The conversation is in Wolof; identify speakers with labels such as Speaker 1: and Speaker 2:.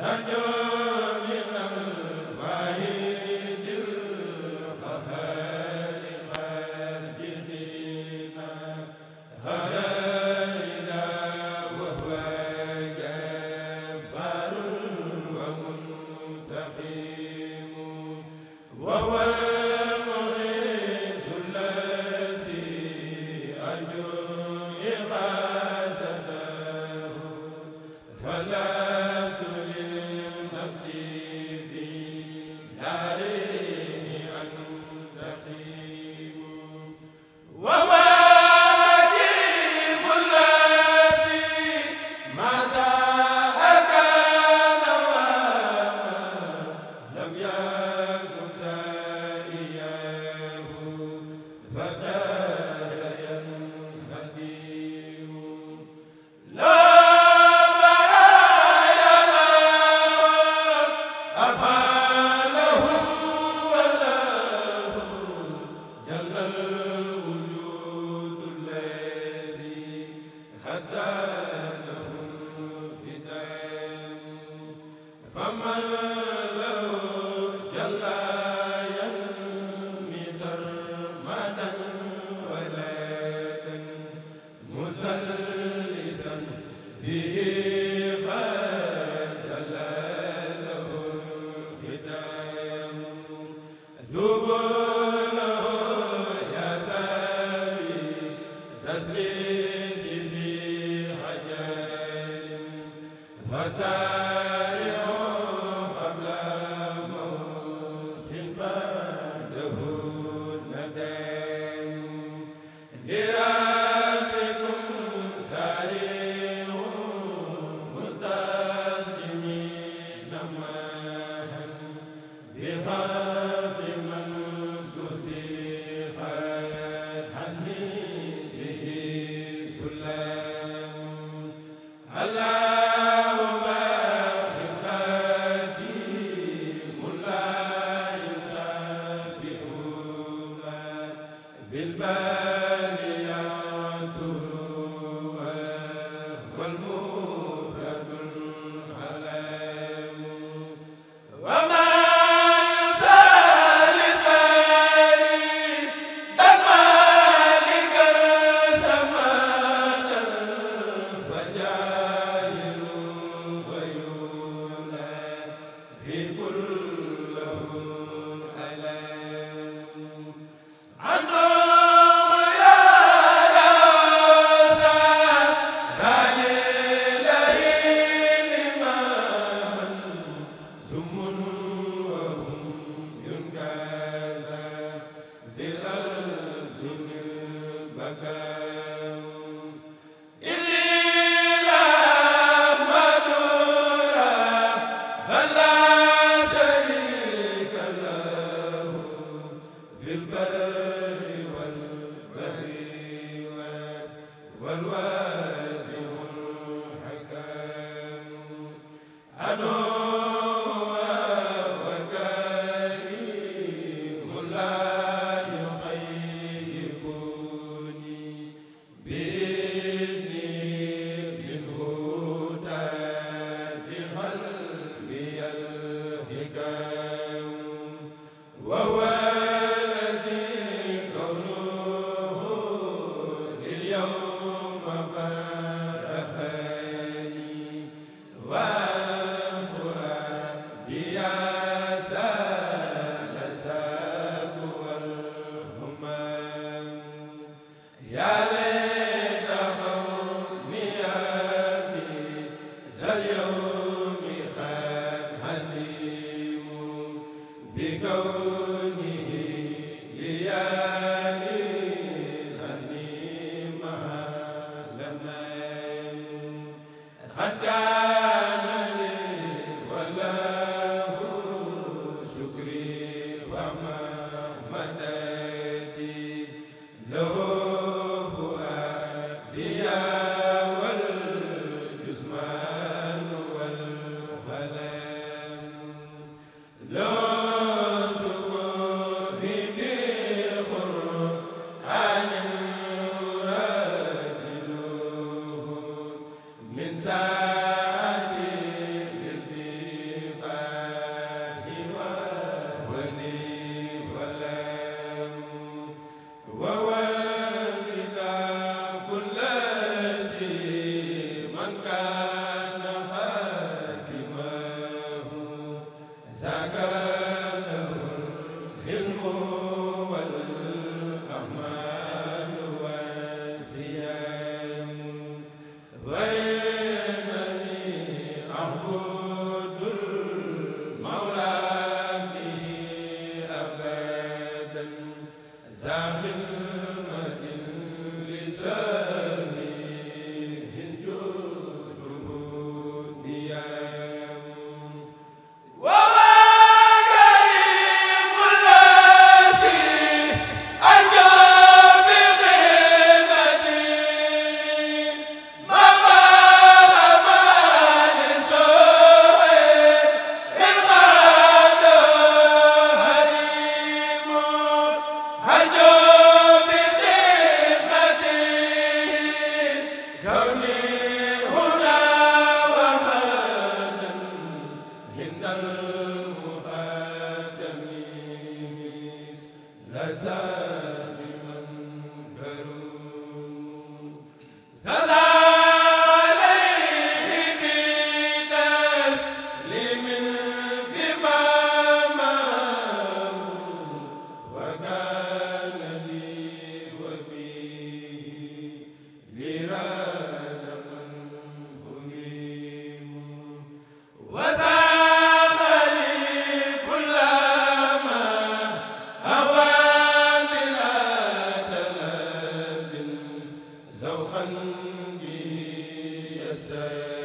Speaker 1: la yaa Yes